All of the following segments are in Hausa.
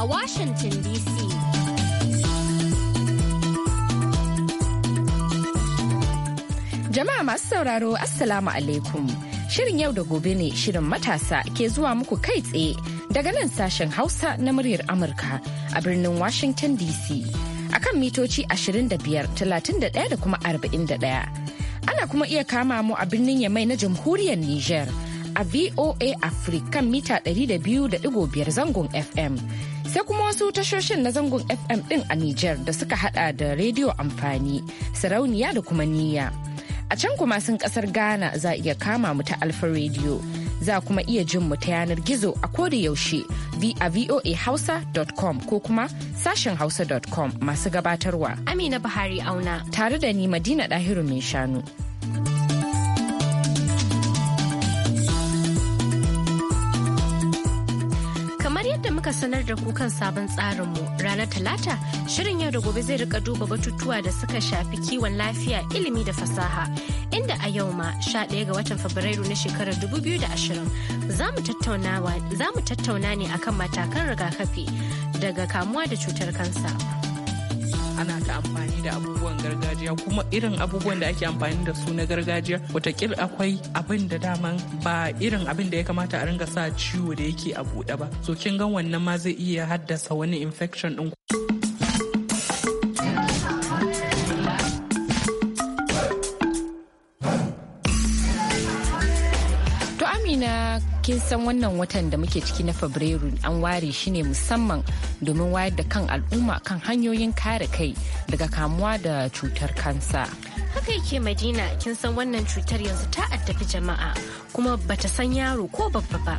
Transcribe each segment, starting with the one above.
a Washington DC. Jama'a masu sauraro Assalamu alaikum. Shirin yau da gobe ne shirin matasa ke zuwa muku kai tsaye daga nan sashen Hausa na muryar Amurka a birnin Washington DC. Akan mitoci 25, 31 da kuma 41. ana kuma iya kama mu a birnin yamai na jamhuriyar Nijar a VOA Africa mita 200.5 zangon FM sai kuma wasu tashoshin na zangon fm din a Nijar da suka hada da rediyo amfani sarauniya da kuma niyya a can kuma sun kasar ghana za iya kama mu ta alfa rediyo za kuma iya jin mu ta yanar gizo a koda yaushe a voahausa.com ko kuma sashen hausa.com masu gabatarwa amina buhari auna tare da ni madina dahiru mai shanu muka sanar da kukan sabon tsarinmu ranar talata shirin yau da gobe zai rika duba batutuwa da suka shafi kiwon lafiya ilimi da fasaha inda a yau ma sha 11 ga watan fabrairu na shekarar 2020 za mu tattauna ne akan matakan rigakafi daga kamuwa da cutar kansa. ana ta amfani da abubuwan gargajiya kuma irin abubuwan da ake amfani da su na gargajiya watakil akwai abin da daman ba irin abin da ya kamata a ringa sa ciwo da yake a buɗe ba so kin ga wannan ma zai iya haddasa wani infection din Amina kin san wannan watan da muke ciki na Fabrairu an ware shi ne musamman domin wayar da kan al'umma kan hanyoyin kare kai daga kamuwa da cutar kansa. Haka yake Madina kin san wannan cutar yanzu ta addabi jama'a kuma bata san yaro ko babba ba.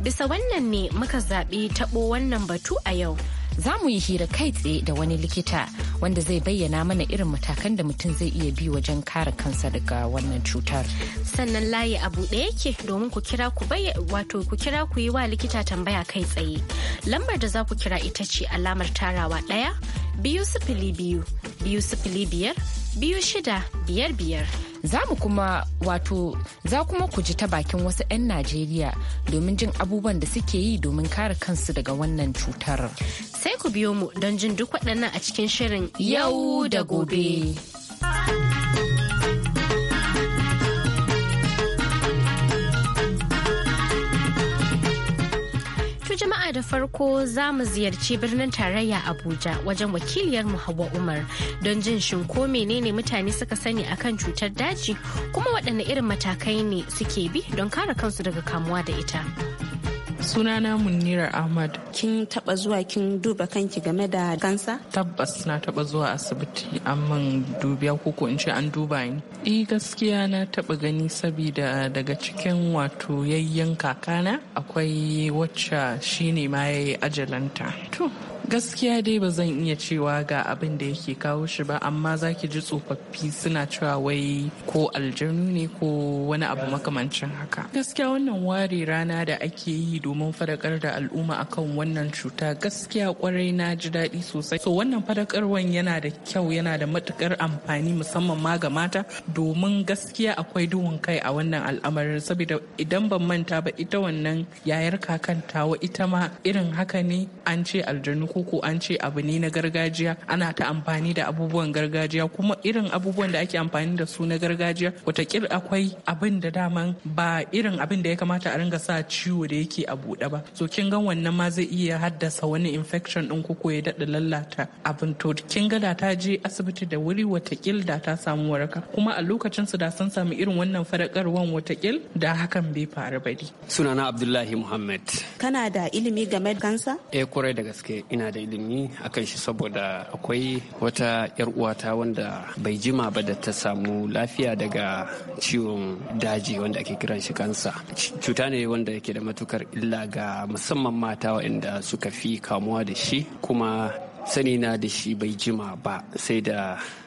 Bisa wannan ne muka zaɓi taɓo wannan batu a yau. za mu yi hira kai tsaye da wani likita wanda zai bayyana mana irin matakan da mutum zai iya bi wajen kare kansa daga wannan cutar. Sannan layi a buɗe yake domin ku kira ku wato ku kira ku yi wa likita tambaya kai tsaye. Lambar da za ku kira ita ce alamar tarawa ɗaya biyu sifili biyu biyu sifili biyar biyu shida biyar biyar. Za mu kuma wato za kuma ku ji ta bakin wasu 'yan Najeriya domin jin abubuwan da suke yi domin kare kansu daga wannan cutar. Sai ku biyo mu don jin duk waɗannan a cikin shirin yau da gobe. jama'a da farko za mu ziyarci birnin tarayya Abuja wajen wakiliyar mu Hauwa Umar don jin shin ko menene mutane suka sani akan cutar daji kuma waɗanne irin matakai ne suke bi don kare kansu daga kamuwa da ita. Sunana Munira Ahmad. Kin taba zuwa kin duba kanki game da kansa? Tabbas na taba zuwa asibiti amma dubiya koko in ce an duba ni. e gaskiya na taba gani saboda daga cikin wato yayyen kakana akwai wacce shine ma yayi ajalanta. gaskiya dai ba zan iya cewa ga abin da yake kawo shi ba amma zaki ji tsofaffi suna cewa wai ko aljanu ne ko wani abu makamancin haka gaskiya wannan ware rana da ake yi domin fadakar da al'umma akan wannan cuta gaskiya kwarai na ji daɗi sosai so wannan fadakarwan yana da kyau yana da matukar amfani musamman ma ga mata domin gaskiya akwai duhun kai a wannan al'amarin saboda idan ban manta ba ita wannan yayar kakan tawa ita ma irin haka ne an ce aljanu koko an ce abu ne na gargajiya ana ta amfani da abubuwan gargajiya kuma irin abubuwan da ake amfani da su na gargajiya watakil akwai abin da daman ba irin abin da ya kamata a ringa sa ciwo da yake a buɗe ba so kin ga wannan ma zai iya haddasa wani infection din koko ya daɗa lallata abin to kin ga da ta je asibiti da wuri watakil da ta samu waraka kuma a lokacin su da sun samu irin wannan farakarwan watakil da hakan bai faru ba sunana abdullahi muhammad kana da ilimi game da kansa eh kwarai da gaske ina da ilimi akan shi saboda akwai wata yar uwata wanda bai jima ba da ta samu lafiya daga ciwon daji wanda ake kiran shi kansa cuta ne wanda yake da matukar illa ga musamman mata waɗanda suka fi kamuwa da shi kuma sani na da shi bai jima ba sai da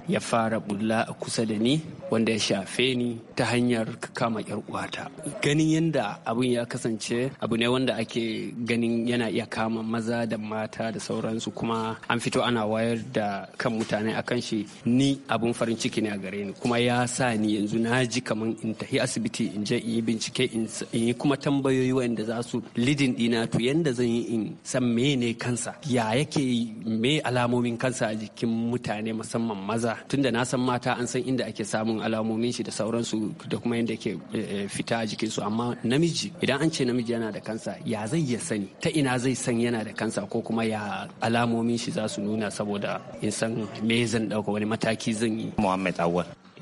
ya fara bulla a kusa da ni wanda ya shafe ni ta hanyar kama yar uwata ganin yadda abin ya kasance abu ne wanda ake ganin yana iya kama maza da mata da sauransu kuma an fito ana wayar da kan mutane akan shi ni abun farin ciki ne a gare ni kuma ya sa ni yanzu na ji kaman in tafi asibiti in je in yi bincike in yi kuma tambayoyi wanda za su lidin dina to yanda zan yi in san mene kansa ya yake me alamomin kansa a jikin mutane musamman maza maza tunda na san mata an san inda ake samun alamomin shi da sauransu da kuma yadda ke eh, fita a jikinsu amma namiji idan an ce namiji yana da kansa ya zai ya sani ta ina zai san yana da kansa ko kuma ya alamomin shi za su nuna saboda in san me zan dauka wani mataki zan yi Muhammad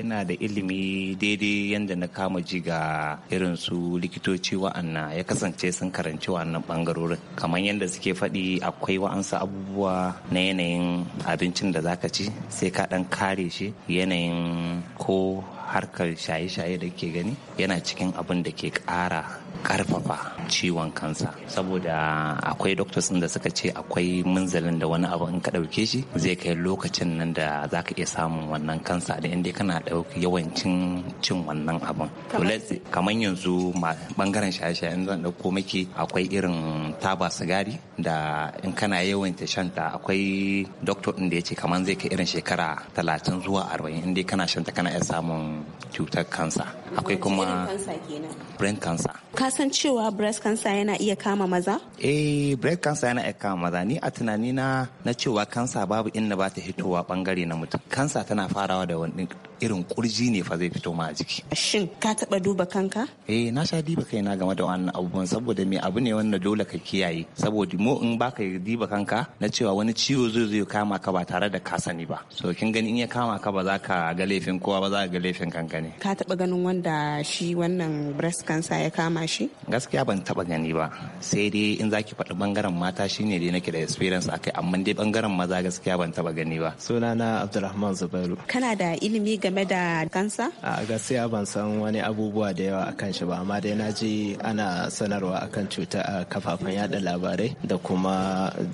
ina da ilimi daidai yadda na kama ji ga irin su likitoci wa'anna ya kasance sun karanci wa'annan bangarorin kamar yadda suke faɗi akwai wa'ansu abubuwa na yanayin abincin da zaka ci sai ka ɗan kare shi yanayin ko harkar shaye-shaye da ke gani yana cikin abin da ke ƙara karfafa ciwon kansa saboda akwai doctors da suka ce akwai munzalin da wani abu in ka ɗauke shi zai kai lokacin nan da za ka iya samun wannan kansa da inda kana dauki yawancin cin wannan abin kamar yanzu bangaren shaye in zan dauko maki akwai irin taba sigari da in kana yawan ta shanta akwai doctor din da ya ce kamar zai kai irin shekara talatin zuwa arba'in inda kana shanta kana iya samun cutar kansa akwai kuma brain cancer Kasan cewa breast cancer yana iya kama maza? Eh, breast cancer yana iya kama maza. Ni a tunani na na cewa kansa babu inda ba ta hitowa bangare na mutum. Kansa tana farawa da wani irin kurji ne fa zai fito ma a jiki. Shin ka taba duba kanka? Eh, na sha diba kaina game da wannan abubuwan saboda me abu ne wanda dole ka kiyaye. Saboda mu in baka diba kanka na cewa wani ciwo zai zo kama ka ba tare da ka sani ba. So kin gani in ya kama ka ba za ka ga laifin kowa ba za ka ga laifin kanka ne. Ka taba ganin wanda shi wannan breast cancer ya kama shi gaskiya ban taba gani ba sai dai in zaki faɗi bangaren mata shi ne dai nake da experience akai amma dai bangaren maza gaskiya ban taba gani ba sunana Abdulrahman Zubairu kana da ilimi game da kansa a gaskiya ban san wani abubuwa da yawa akan shi ba amma dai na ji ana sanarwa akan cuta a kafafen yada labarai da kuma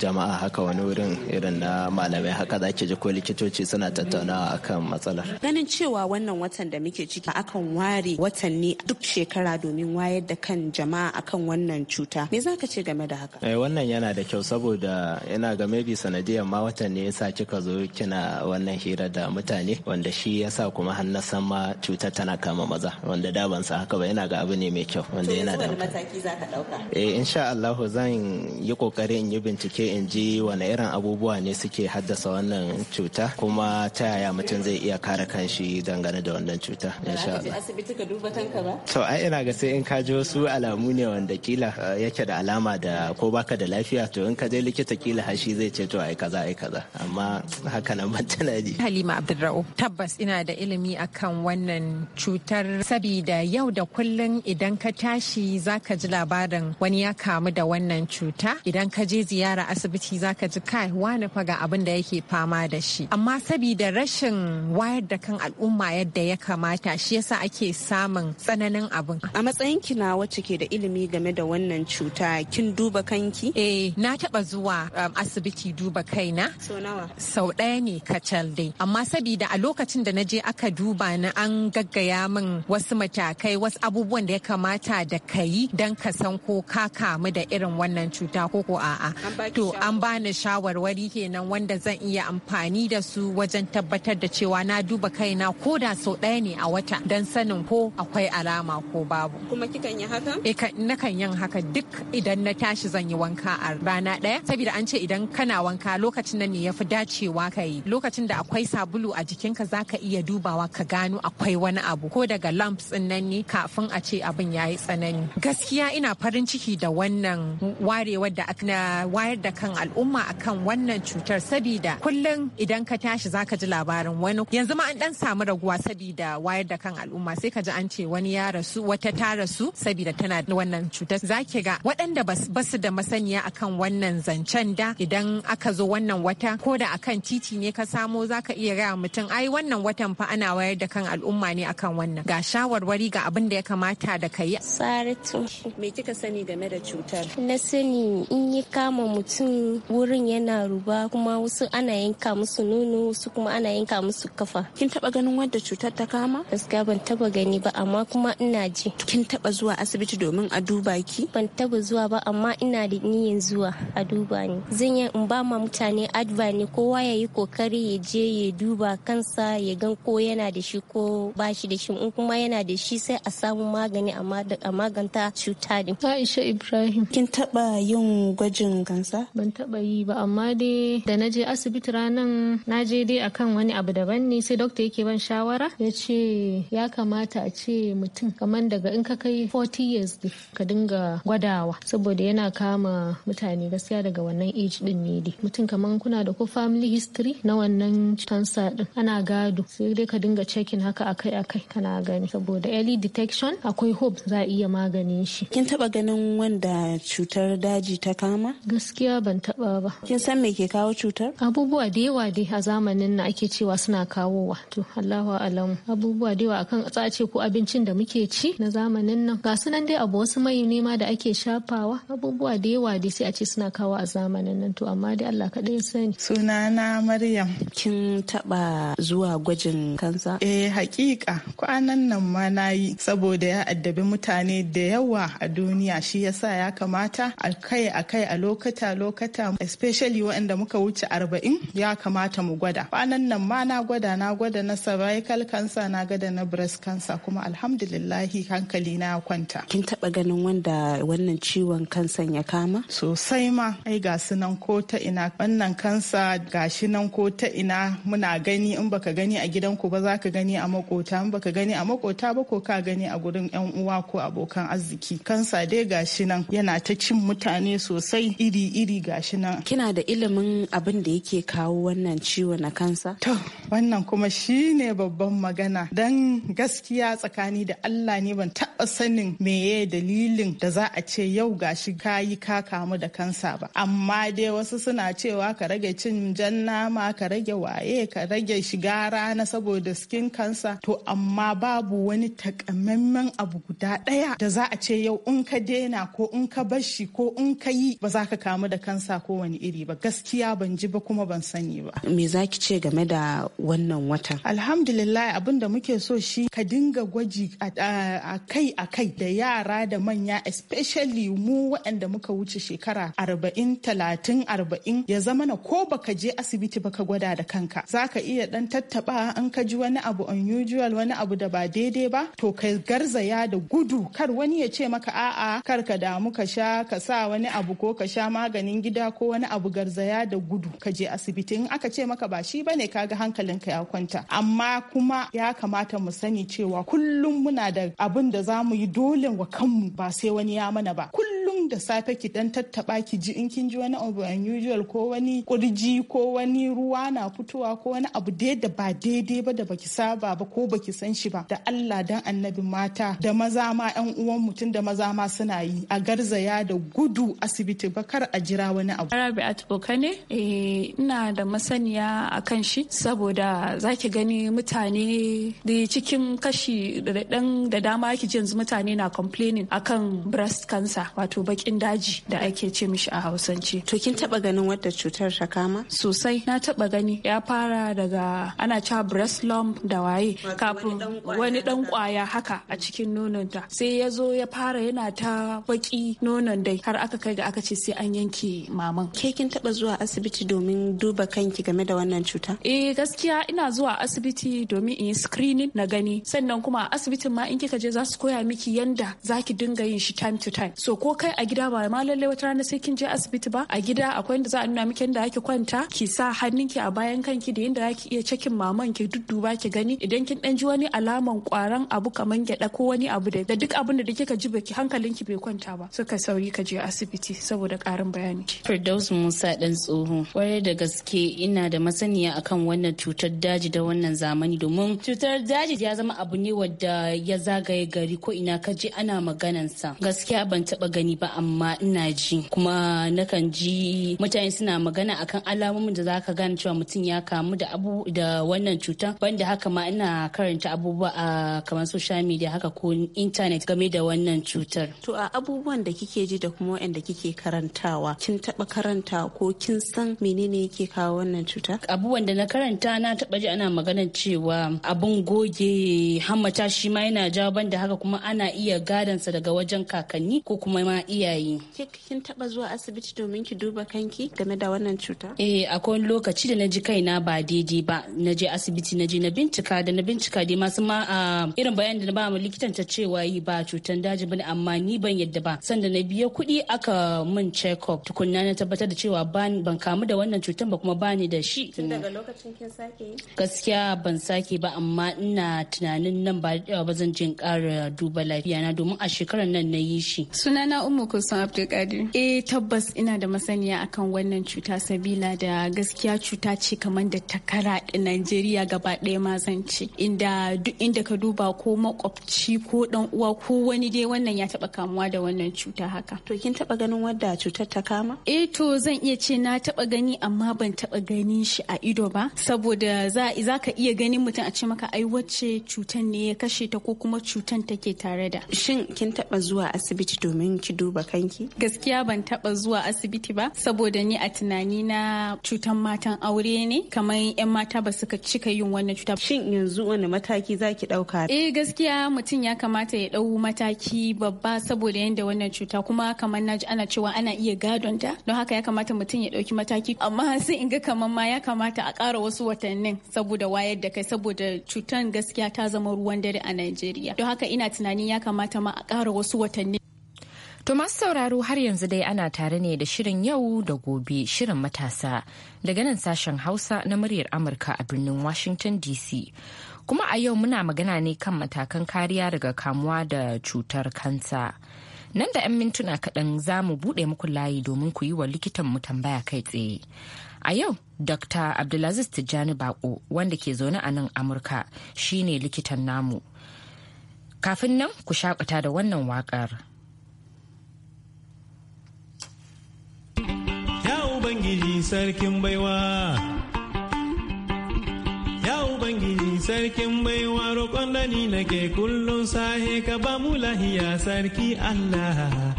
jama'a haka wani wurin irin na malamai haka zaki ji ko likitoci suna tattaunawa akan matsalar ganin cewa wannan watan da muke ciki akan ware watanni duk shekara domin wayar da kan jama'a akan wannan cuta me za ka ce game da haka eh wannan yana da kyau saboda yana ga maybe sanadiyar ma watan ne yasa kika zo kina wannan hira da mutane wanda shi yasa kuma har na san ma cutar tana kama maza wanda da ban sa haka ba yana ga abu ne mai kyau wanda yana da mataki za ka dauka eh insha Allah zan yi kokari in yi bincike in ji wani irin abubuwa ne suke haddasa wannan cuta kuma ta yaya mutum zai iya kare kanshi dangane da wannan cuta insha Allah asibiti ka duba kanka ba to ai ina ga sai in ka ji wasu wasu alamu ne wanda kila eh, yake da alama da ko baka da lafiya to in ka je likita kila hashi zai ce to ai kaza ai kaza amma haka nan ban tunani Halima Abdulra'u tabbas ina da ilimi akan wannan cutar sabida yau da kullun idan ka tashi zaka ji labarin wani ya kamu da wannan cuta idan ka je ziyara asibiti zaka ji kai wani fa ga abin da yake fama da shi amma sabida rashin wayar da kan al'umma yadda ya kamata shi yasa ake samun tsananin abin a matsayin ki wacce ke da ilimi game da wannan cuta kin duba kanki? Eh na taba zuwa um, asibiti duba kaina. Sau so, nawa? Sau ɗaya ne kacal dai. Amma sabida a lokacin da na je aka duba na an gaggaya min wasu matakai wasu abubuwan da ya kamata da ka yi don ka san ko ka kamu da irin wannan cuta ko ko a'a. To an bani shawarwari kenan wanda zan iya amfani da su wajen tabbatar da cewa na duba kaina ko da sau ɗaya ne a wata dan sanin ko akwai alama ko babu. Kuma kikan yi haka? Eh, na kan yin haka duk idan na tashi zan yi wanka a rana ɗaya. Saboda an ce idan kana wanka lokacin nan ne ya fi dacewa ka yi. Lokacin da akwai sabulu a jikinka za ka iya dubawa ka gano akwai wani abu ko daga lamps ɗin nan ne kafin a ce abin ya yi tsanani. Gaskiya ina farin ciki da wannan warewar da na wayar da kan al'umma akan wannan cutar sabida kullum idan ka tashi za ka ji labarin wani yanzu ma an dan samu raguwa sabida wayar da kan al'umma sai ka ji an ce wani ya rasu wata ta rasu saboda saboda tana da wannan cutar za ki ga waɗanda ba su da masaniya akan wannan zancen da idan aka zo wannan wata ko da akan titi ne ka samo za ka iya gaya mutum ai wannan watan fa ana wayar da kan al'umma ne akan wannan ga shawarwari ga abin da ya kamata da ka yi. Saratu. Me kika sani game da cutar? Na sani in yi kama mutum wurin yana ruba kuma wasu ana yanka musu nono wasu kuma ana yanka musu kafa. Kin taba ganin wadda cutar ta kama? Gaskiya ban taba gani ba amma kuma ina ji. Kin taba zuwa asibiti domin a duba ki? Ban taba zuwa ba amma ina da niyyar zuwa a duba ni. Zan yi in ba ma mutane adva ne kowa ya yi kokari ya je ya duba kansa ya gan ko yana da shi ko ba shi da shi in kuma yana da shi sai a samu magani a maganta cuta din. Aisha Ibrahim. Kin taba yin gwajin kansa? Ban taba yi ba amma dai da na je asibiti ranan na je dai akan wani abu daban ne sai dokta yake ban shawara ya ce ya kamata a ce mutum kamar daga in ka kai 40 40 ka dinga gwadawa saboda yana kama mutane gaskiya daga wannan age din ne dai mutum kaman kuna da ko family history na wannan cancer din ana gado sai dai ka dinga checking haka akai-akai kana gani saboda early detection akwai hope za a iya maganin shi kin taba ganin wanda cutar daji ta kama gaskiya ban taba ba kin san me ke kawo cutar abubuwa da yawa dai a zamanin na ake cewa suna kawowa to Allahu alam abubuwa da yawa akan tsace ko abincin da muke ci na zamanin nan sunan dai abu wasu mai nema da ake shafawa abubuwa da yawa da sai a ce suna kawo a zamanin nan to amma dai Allah kaɗai ya sani. Sunana Maryam. Kin taɓa zuwa gwajin kansa? Eh hakika kwanan nan ma na yi saboda ya addabi mutane da yawa a duniya shi yasa ya kamata a kai a kai a lokata lokata especially waɗanda muka wuce arba'in ya kamata mu gwada. Kwanan nan ma na gwada na gwada na cervical cancer na gwada na breast cancer kuma alhamdulillahi hankali na kwanta. ita. Kin taɓa ganin wanda wannan ciwon kansan ya kama? Sosai ma, ai ga su nan ko ta ina wannan kansa ga shi nan ko ta ina muna gani in baka gani a gidan ku ba za ka gani a makota in baka gani a makota ba ko ka gani a gurin yan uwa ko abokan arziki kansa dai ga shi nan yana ta cin mutane sosai iri iri ga shi nan kina da ilimin abin da yake kawo wannan ciwon na kansa to wannan kuma shine babban magana dan gaskiya tsakani da Allah ne ban taba sanin meye dalilin da za a ce yau gashi ka yi ka kamu da kansa ba amma dai wasu suna cewa ka rage cin jan nama ka rage waye ka rage shiga rana saboda skin kansa to amma babu wani takamaiman abu guda ɗaya da za a ce yau in ka dena ko in ka bashi ko in ka yi ba za ka kamu da kansa ko wani iri ba gaskiya ban ji ba kuma ban sani ba me za ki ce game da wannan watan alhamdulillah abin da muke so shi ka dinga gwaji a kai a kai da yara da manya especially mu waɗanda muka wuce shekara arba'in talatin arba'in ya zama na ko baka je asibiti baka gwada da kanka zaka iya ɗan tattaɓa an ka ji wani abu unusual wani abu da ba daidai ba to ka garzaya da gudu kar wani ya ce maka a'a kar ka damu ka sha ka sa wani abu ko ka sha maganin gida ko wani abu garzaya da gudu ka je asibiti in aka ce maka ba shi bane kaga hankalinka ya kwanta amma kuma ya kamata mu sani cewa kullum muna da abin da za mu yi dole dalilin wa kanmu ba sai wani ya mana ba kullum da safe ki dan tattaba ki ji in kin ji wani abu unusual ko wani kurji ko wani ruwa na fitowa ko wani abu da da ba daidai ba da baki saba ba ko baki san shi ba da Allah dan annabi mata da maza ma yan uwan mutum da maza ma suna yi a garzaya da gudu asibiti ba kar a jira wani abu Rabi'at ne eh ina da masaniya akan shi saboda zaki gani mutane da cikin kashi da da dama ki yanzu mutane na complaining akan breast cancer wato bakin daji da ake ce mishi a hausance to kin taba ganin wadda cutar ta kama sosai na taba gani ya fara daga ana cewa breast lump da waye kafin wani dan kwaya haka a cikin nononta sai ya zo ya fara yana ta baki nonon dai har aka kai ga aka ce sai an yanke maman ke kin taba zuwa asibiti domin duba kanki game da wannan cuta eh gaskiya ina zuwa asibiti domin in yi screening na gani sannan kuma asibitin ma in kika je za su koya miki yanda wanda zaki dinga yin shi time to time so ko kai a gida ba ma lallai wata rana sai kin je asibiti ba a gida akwai inda za a nuna miki yadda zaki kwanta ki sa hannunki a bayan kanki da yadda zaki iya cakin maman ki dudduba ki gani idan kin dan ji wani alaman kwaran abu kaman gyada ko wani abu da duk abin da ka ji baki hankalinki bai kwanta ba suka sauri ka je asibiti saboda karin bayani Firdaus Musa dan tsoho kwarai da gaske ina da masaniya akan wannan cutar daji da wannan zamani domin cutar daji ya zama abu ne wadda ya zagaye gari ko ina ka je ji ana maganansa gaskiya ban taba gani ba amma ina ji kuma nakan ji mutane suna magana akan alamomin da zaka gane cewa mutum ya kamu da abu da wannan cutan banda haka ma ina karanta abubuwa a kamar social media haka ko internet game da wannan cutar to a abubuwan da kike ji da kuma wanda kike karantawa kin taba karanta ko kin san menene yake kawo wannan cuta abubuwan da na karanta na taba ji ana maganar cewa abun goge hammata shi ma yana jawo banda haka kuma ana iya iya gadansa daga wajen kakanni ko kuma ma iyaye. Kin taba zuwa asibiti domin ki duba kanki game da wannan cuta? Eh akwai lokaci da na ji kaina ba daidai ba na je asibiti na na bincika da na bincika dai masu ma a ah, irin bayan da na ba mu likitan ta cewa yi ba cutan daji bane amma ni ban yadda ba sanda na biya kuɗi aka mun check up tukunna na tabbatar da cewa ban kamu da wannan cutan ba kuma bani da shi. Tun daga lokacin kin sake yi? Gaskiya ban sake ba amma ina tunanin nan ba da eh, ba zan jin ƙara duba lafiya na domin a shekarar nan na yi shi. Sunana Umu Kusan Abdulkadir. Eh tabbas ina da masaniya akan wannan cuta sabila da gaskiya cuta ce kamar da takara da Najeriya gaba ɗaya ma zan ce. Inda duk inda ka duba ko makwabci ko dan uwa ko wani dai wannan ya taɓa kamuwa da wannan cuta haka. To kin taɓa ganin wadda cutar ta kama? Eh to zan iya ce na taɓa gani amma ban taɓa ganin shi a ido ba saboda za ka iya ganin mutum a ce maka ai wacce cutan ne ya kashe ta ko kuma cutan take tare da. shin kin taba zuwa asibiti domin ki duba kanki gaskiya ban taba zuwa asibiti ba saboda ni a tunani na cutan matan aure ne kamar yan mata ba suka cika yin wannan cuta shin yanzu wani mataki zaki dauka eh gaskiya mutum ya kamata ya dau mataki babba saboda yanda wannan cuta kuma kamar naji ana cewa ana iya gadonta don haka ya kamata mutum ya dauki mataki amma sai in ga kamar ma ya kamata a kara wasu watannin saboda wayar da kai saboda cutan gaskiya ta zama ruwan dare a Najeriya don haka ina tunanin ya kamata kamata ma a ƙara wasu watanni. To masu sauraro har yanzu dai ana tare ne da shirin yau da gobe shirin matasa daga nan sashen Hausa na muryar Amurka a birnin Washington DC. Kuma a yau muna magana ne kan matakan kariya daga kamuwa da cutar kansa. Nan da 'yan mintuna kaɗan za mu buɗe muku layi domin ku yi wa likitan mu tambaya kai tsaye. A yau, Dr. Abdulaziz Tijjani Bako wanda ke zaune a nan Amurka shine likitan namu. Kafin nan ku shakata da wannan waƙar. Ya Ubangiji sarkin baiwa. Ya Ubangiji sarkin baiwa roƙon da ni nake kullum sahe ka ba mu lahiya sarki Allah.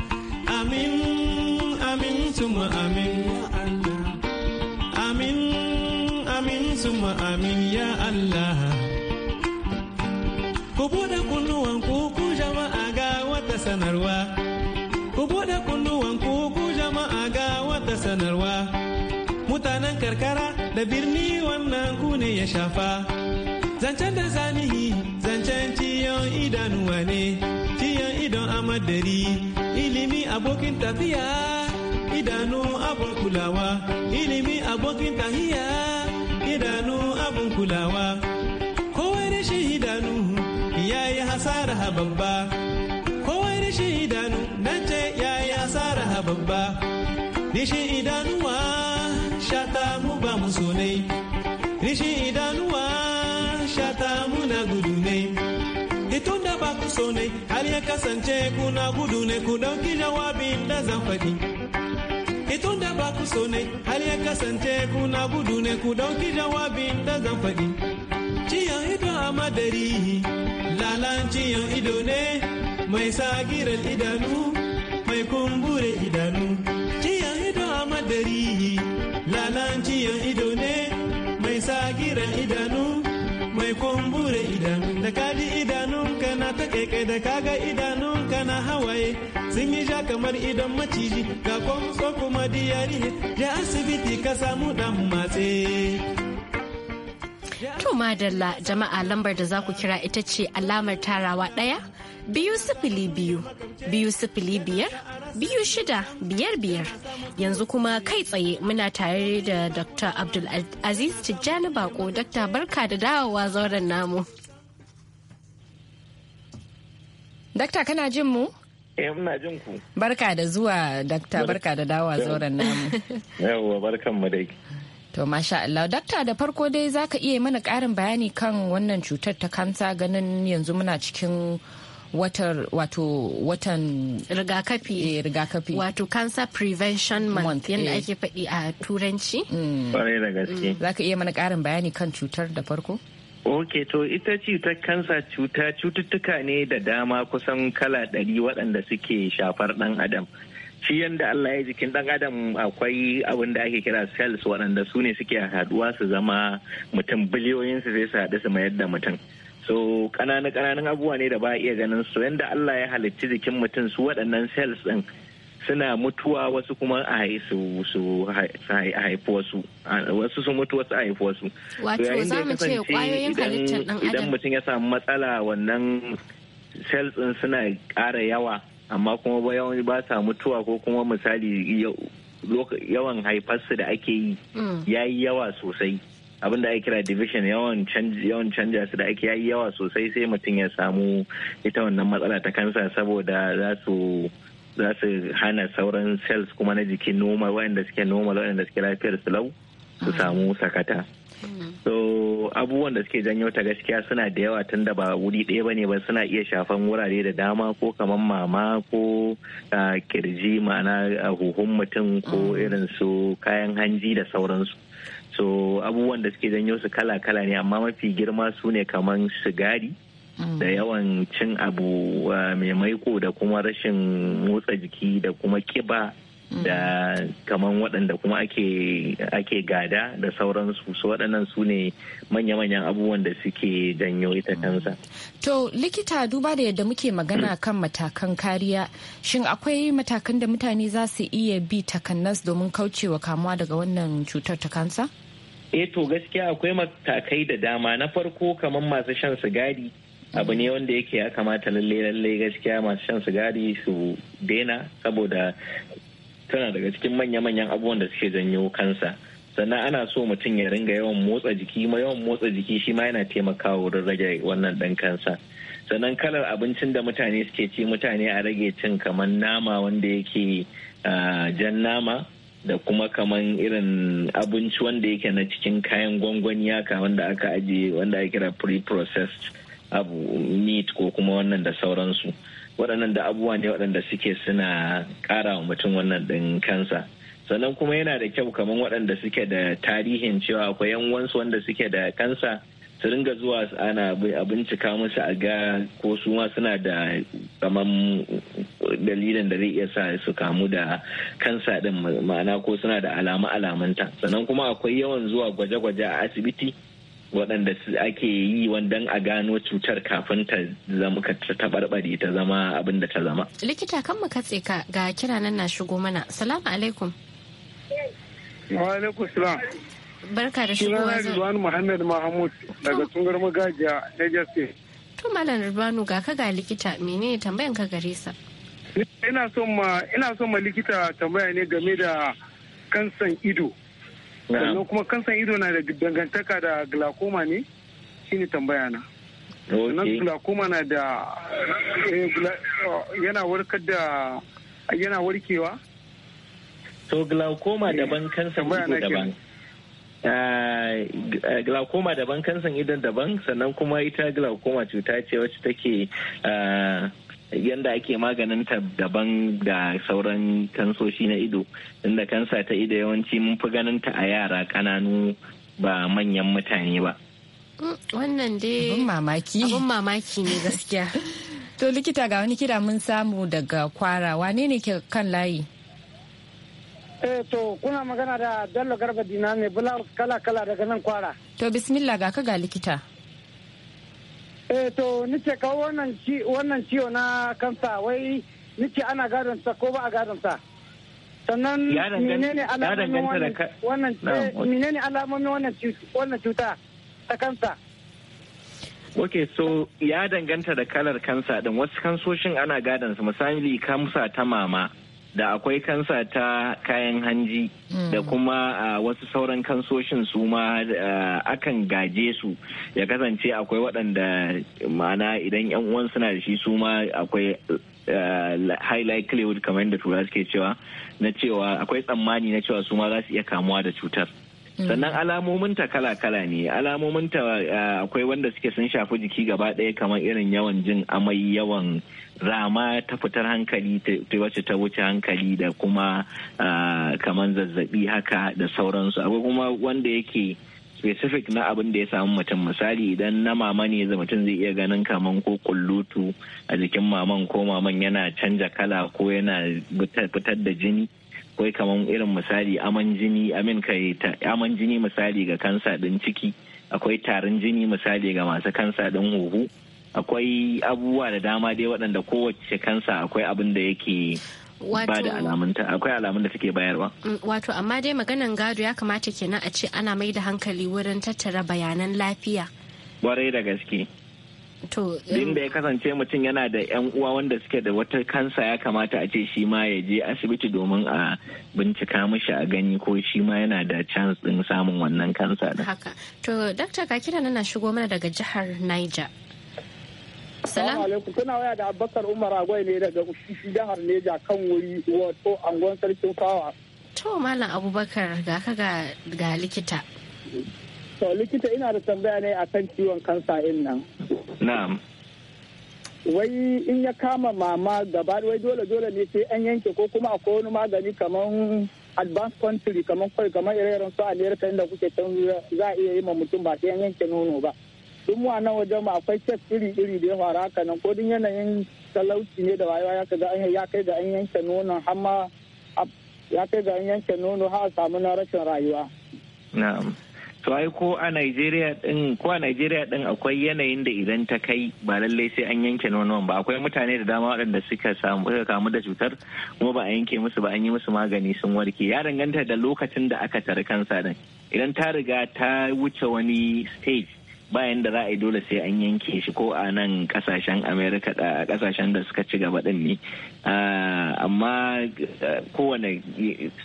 Amin, amin, suma amin, ya Allah. Amin, amin, suma amin, ya Allah. Ku buɗe kunnuwan ku jama'a ga wata sanarwa. Ku buɗe kunnuwan ku jama'a ga wata sanarwa. Mutanen karkara da birni wannan ku ne ya shafa. Zancen da zanihi zancen ciyon idanuwa ne, ciyon idon amadari, ilimi abokin tafiya, idanu abun kulawa, ilimi abokin tahiya, idanu abun kulawa. hababba kowai da shi idanu nan ce yayi asara hababba idanu idanuwa shata mu ba mu so ne idanuwa shata mu na gudu ne ito da ba ku sonai har ya kasance kuna gudu ne ku dauki jawabin da zan faɗi ito da ba ku sonai har ya kasance kuna gudu ne ku dauki jawabin da zan faɗi ciyan ido a madari lalan ciyon ido ne mai sagirar idanu mai kumbure idanu ciyon ido a madari lalan ciyon ido ne mai sagirar idanu mai kumbure idanu da kaji idanun kana ta kaikai da kaga idanun kana hawaye sun yi ja kamar idan maciji ga kwamso kuma diyari ya asibiti ka samu dan matse madalla jama'a lambar da za ku kira ita ce alamar tarawa ɗaya biyu sifili biyu biyu sifili biyar biyu shida biyar biyar yanzu kuma kai tsaye muna tare da dr abdul aziz tijjani bako dr barka da dawowa zauren namu dakta kana jin mu Eh muna jin ku. Barka da zuwa, Dakta, barka da dawa zauren namu. Yawwa, barkan mu dai. To masha Allah, dakta da farko dai za ka iya mana karin bayani kan wannan cutar ta kansa ganin yanzu muna cikin watar wato watan rigakafi eh, rigakafi wato cancer prevention month, yadda eh. ake faɗi a turanci kwarai mm. da gaske mm. za ka iya mana ƙarin bayani kan cutar da farko ok to ita cutar kansa cuta cututtuka ne da dama kusan kala ɗari waɗanda suke shafar ɗan adam mm. shi yanda Allah ya jikin dan adam akwai abin da ake kira cells waɗanda su ne suke haduwa su zama mutum biliyoyin su zai su haɗu su mayar da mutum so ƙananan ƙananan abubuwa ne da ba iya ganin su yanda Allah ya halicci jikin mutum su waɗannan cells ɗin suna mutuwa wasu kuma a su su wasu wasu sun mutu wasu a haifu wasu wato za mu ce kwayoyin halittar dan adam idan mutum ya samu matsala wannan cells din suna ƙara yawa amma kuma ba ba sa mutuwa ko kuma misali yawan haifarsu da ake yi mm. ya yi yawa sosai abin da ake kira division yawan canja su da ake yayi yawa sosai sai mutum ya samu ita wannan matsala ta kansa saboda za su za su hana sauran cells kuma na jikin normal wayanda suke normal waɗanda suke lafiyar su lau su mm. samu sakata mm. so abubuwan da suke janyo ta gaskiya suna da yawa tun da ba wuri ɗaya ba ne ba suna iya shafan wurare da dama ko kamar mama ko kirji ma'ana huhun mutum ko mm. irin su kayan hanji da sauransu so abubuwan da suke janyo su kala-kala ne amma mafi girma su ne kamar sigari mm. da yawan cin abu mai maiko da kuma rashin motsa jiki da kuma kiba da kaman waɗanda kuma ake gada da sauransu su waɗannan su ne manya-manyan abubuwan da suke janyo ita kansa. To likita duba da yadda muke magana mm. kan matakan kariya shin akwai matakan da mutane za su iya bi takannas domin kaucewa kamuwa daga wannan cutar ta kansa? Eh to gaskiya akwai matakai da dama na farko kamar masu shan sigari. abu ne wanda yake ya kamata lalle lalle gaskiya masu shan sigari su daina saboda tana daga cikin manya-manyan abubuwan da suke janyo kansa sannan ana so mutum ya ringa yawan motsa jiki ma yawan motsa jiki shi ma yana taimakawa wurin rage wannan ɗan kansa sannan kalar abincin da mutane suke ci mutane a rage cin kamar nama wanda yake jan nama da kuma kaman irin abinci wanda yake na cikin kayan gwangwani haka wanda aka ajiye wanda ake kira pre-processed abu meat ko kuma wannan da sauransu. waɗannan da abubuwa ne waɗanda suke suna ƙara wa mutum wannan ɗin kansa sannan kuma yana da kyau kamar waɗanda suke da tarihin cewa akwai yan wansu wanda suke da kansa su ringa zuwa ana bincika musu a ga ko su ma suna da kamar dalilin da zai iya sa su kamu da kansa din ma'ana ko suna da alama alamanta sannan kuma akwai yawan zuwa gwaje-gwaje a asibiti waɗanda ake yi wandan a gano cutar kafin ta zama ta tabarbare ta zama abin da ta zama. Likita kan mu katse ka ga kira nan na shigo mana. Salamu alaikum. Wa alaikum salam. Barka da shigo shigowa zan. Rizwan Muhammad Mahmud daga Tungar Magajiya Niger State. To Malam Rizwanu ga ka ga likita menene tambayan ka gare sa? Ina son ma ina son ma likita tambaya ne game da kansan ido. sannan kuma kansan ido na da dangantaka da glaucoma ne shine tambaya na sannan glaucoma na da eh, eh, yana warkar da yana warkewa so glaucoma eh, daban kansan ido daban ah, glaucoma daban kansan idon daban sannan kuma ita glaucoma cuta ce wacce take ah, yanda ake maganin ta daban da sauran kansoshi na ido inda kansa ta ido yawanci mun fi ganin ta a yara kananu ba manyan mutane ba mm, wannan dai abun mamaki ne gaskiya to likita ga wani kira mun samu daga kwara wane ne ke kan layi eh to kuna magana da dallo garba dina ne kala kala daga nan kwara to bismillah ga ka ga likita eh to nice kawo wannan ci wannan ciwo na kansa wai nice ana gadon sa ko ba a gadon sa sannan menene alamomin wannan menene alamomin wannan wannan cuta ta kansa Okay, so ya danganta da kalar kansa din wasu kansoshin ana gadon su misali kamsa ta mama da akwai kansa ta kayan hanji mm. da kuma wasu sauran kansoshin su ma akan gaje su ya kasance akwai waɗanda ma'ana idan 'yan uwan suna da shi su ma akwai high likelihood kamar yadda tura suke cewa na cewa akwai tsammani na cewa su ma za su iya kamuwa da cutar. Mm. sannan alamominta kala-kala ne alamominta eh, akwai wanda suke sun shafi jiki gaba ɗaya kamar irin yawan jin amai yawan rama ta fitar hankali ta wace ta wuce hankali da kuma eh, kamar zazzabi haka da sauransu akwai kuma wanda yake specific na abin da ya samu mutum misali idan na mama ne mutum zai iya ganin kaman ko kullutu a jikin maman ko maman yana canja kala ko yana fitar da jini akwai kaman irin misali aman jini amin kai aman jini misali ga kansa din ciki akwai tarin jini misali ga masu kansa din huhu akwai abubuwa da dama dai waɗanda kowace kansa akwai abin da yake ba da alamunta akwai alamun da take bayarwa mm, wato amma dai maganan gado ya kamata kenan a ce ana mai da hankali wurin tattara bayanan lafiya kwarai da gaske To, din um, da ya kasance mutum yana da 'yan uwa wanda suke da wata kansa ya kamata a ce shi ma ya je asibiti domin a bincika mishi a gani ko shi ma yana da chance din samun wannan kansa din. Haka. To, dakta ka nana shigo mana daga jihar Niger. Salam. alaikum kuna waya da Abubakar Umar Agwai ne daga jihar niger kan wuri wato angon sarkin kawa. To, Malam Abubakar ga ka ga likita. To likita ina da tambaya ne akan ciwon kansa in nan. Na'am. Wai in ya kama mama gaba wai dole dole ne sai an yanke ko kuma akwai wani magani kaman advanced country kaman kawai kaman ire-iren su America inda kuke can za a iya yi ma mutum ba sai an yanke nono ba. Duk mu a nan wajen mu akwai cef iri-iri da ya faru haka nan ko duk yanayin talauci ne da wayewa ya kai ga an kai ga an yanke nono har ma ya kai ga an yanke nono har a samu na rashin rayuwa. Na'am. to ai ko a Najeriya din ko a Najeriya din akwai yanayin da idan ta kai ba lallai sai an yanke nonon ba akwai mutane da dama waɗanda suka samu suka kamu da cutar kuma ba a yanke musu ba an yi musu magani sun warke ya danganta da lokacin da aka tare kansa din idan ta riga ta wuce wani stage bayan da za a yi dole sai an yanke shi ko a nan kasashen amerika da kasashen da suka ci gaba din ne ah, amma ah, kowane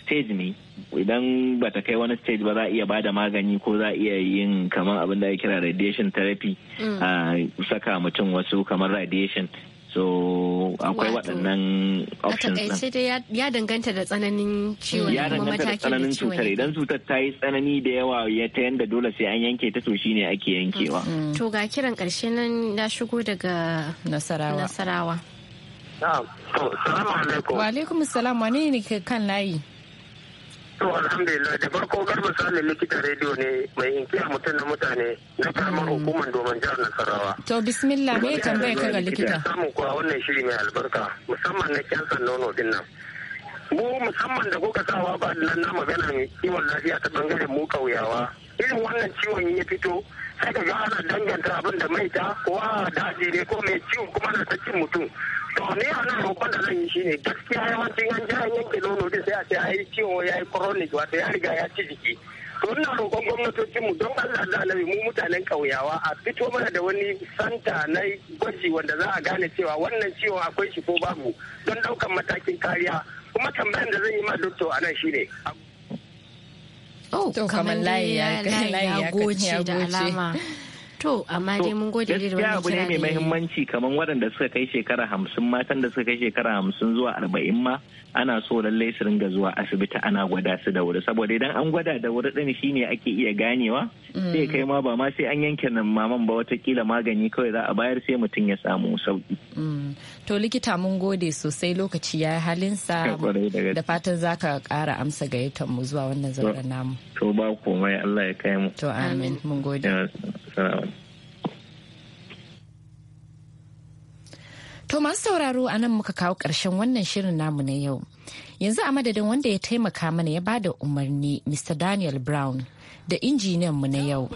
stage ne idan ba ta kai wani stage ba za a iya ba da magani ko za a iya yin kamar abin da ya kira radiation therapy mm. ah, saka mutum wasu kamar radiation so akwai waɗannan options na takaice ya danganta da tsananin ciwon ya danganta da tsananin cutar idan cutar ta yi tsanani da yawa ya ta yanda dole sai an yanke ta to shine ake yankewa mm. Mm. to ga kiran karshe nan ya shigo daga nasarawa alaikum wa alaikum salam wani ne kan layi To alhamdulillah da farko garba misalin likita rediyo ne mai inkiya mutum na mutane na karamar mm. hukumar domin jihar Nasarawa. To bismillah me tambaye ka ga likita? Samun kuwa wannan shiri mai albarka musamman na kyansan nono din nan. Mu musamman da kuka sa wa nan na ne kiwon lafiya ta bangaren mu kauyawa. Irin wannan ciwon ya fito sai ka ga ana danganta abin da maita kowa a daji ne ko mai ciwon kuma na ta cin mutum. to ne a nan roƙon da zan yi shine gaskiya yawancin an ji an nono din sai a ce ai ciwo ya yi chronic wato ya riga ya ci jiki to ina roƙon gwamnatocin mu don Allah da Annabi mu mutanen ƙauyawa a fito mana da wani santa na gwaji wanda za a gane cewa wannan ciwo akwai shi ko babu don ɗaukan matakin kariya kuma tambayan da zan yi ma dokto a nan shine Oh, kamar layi ya goce da alama. To, amma dai mun gode da wani abu ne mai mahimmanci kamar waɗanda suka kai shekara hamsin matan da suka kai shekara hamsin zuwa arba'in ma ana so lallai su ringa zuwa asibiti ana gwada su da wuri saboda idan an gwada da wuri ɗin shine ake iya ganewa mm. sai kai ma ba ma sai an yanke nan maman ba watakila magani kawai za a bayar sai mutum ya samu sauki. Mm. To likita mun gode sosai lokaci ya halinsa da fatan za ka ƙara amsa gayyatar mu zuwa wannan zauren namu. To ba komai Allah ya kai mu. To amin mun gode. To masu sauraro a nan muka kawo ƙarshen wannan shirin namu na yau. Yanzu a madadin wanda ya taimaka mana ya bada umarni Mr. Daniel Brown da injiniyan mu na yau.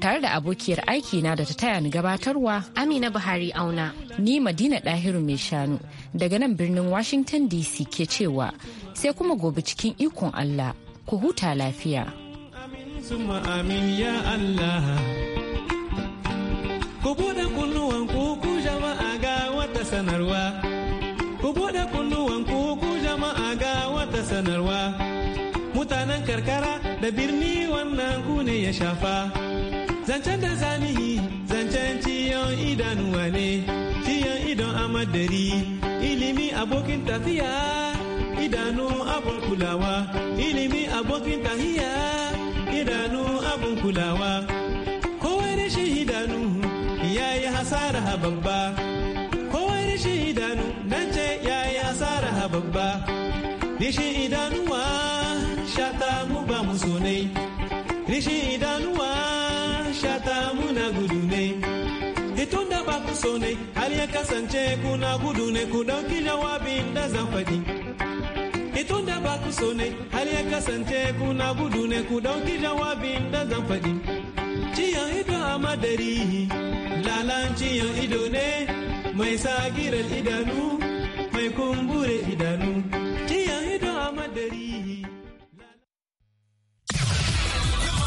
Tare da abokiyar aiki na da ta taya ni gabatarwa Amina Buhari Auna. Ni Madina ɗahiru mai shanu daga nan birnin Washington DC ke cewa sai kuma gobe cikin ikon Allah ku huta lafiya. amin ya Allah. Ku buɗe kunnuwan ku jama'a ga wata sanarwa. Ku buɗe kunnuwan ku jama'a ga wata sanarwa. Mutanen karkara da birni wannan ku ne ya shafa. Zancen da zanihi zancen ciyon idanuwa ne, ciyon idon amadari, ilimi abokin tafiya, idanu abun kulawa, ilimi abokin tahiya, idanu abun kulawa. Kowai shi idanu ya yi hasara ha babba kowai rishi idanu nan ce ya yi hasara hababba rishi idanuwa shata mu ba mu so ne idanuwa shata mu na gudu ne itun da ba ku so ne ya kasance kuna gudu ne ku dauki jawabin da zan faɗi itun da ba ku so har ya kasance kuna gudu ne ku dauki jawabin da zan faɗi ciyan ido a madari dalalan ciyon ido ne mai sagirar idanu mai kumbure idanu ciyan ido a madari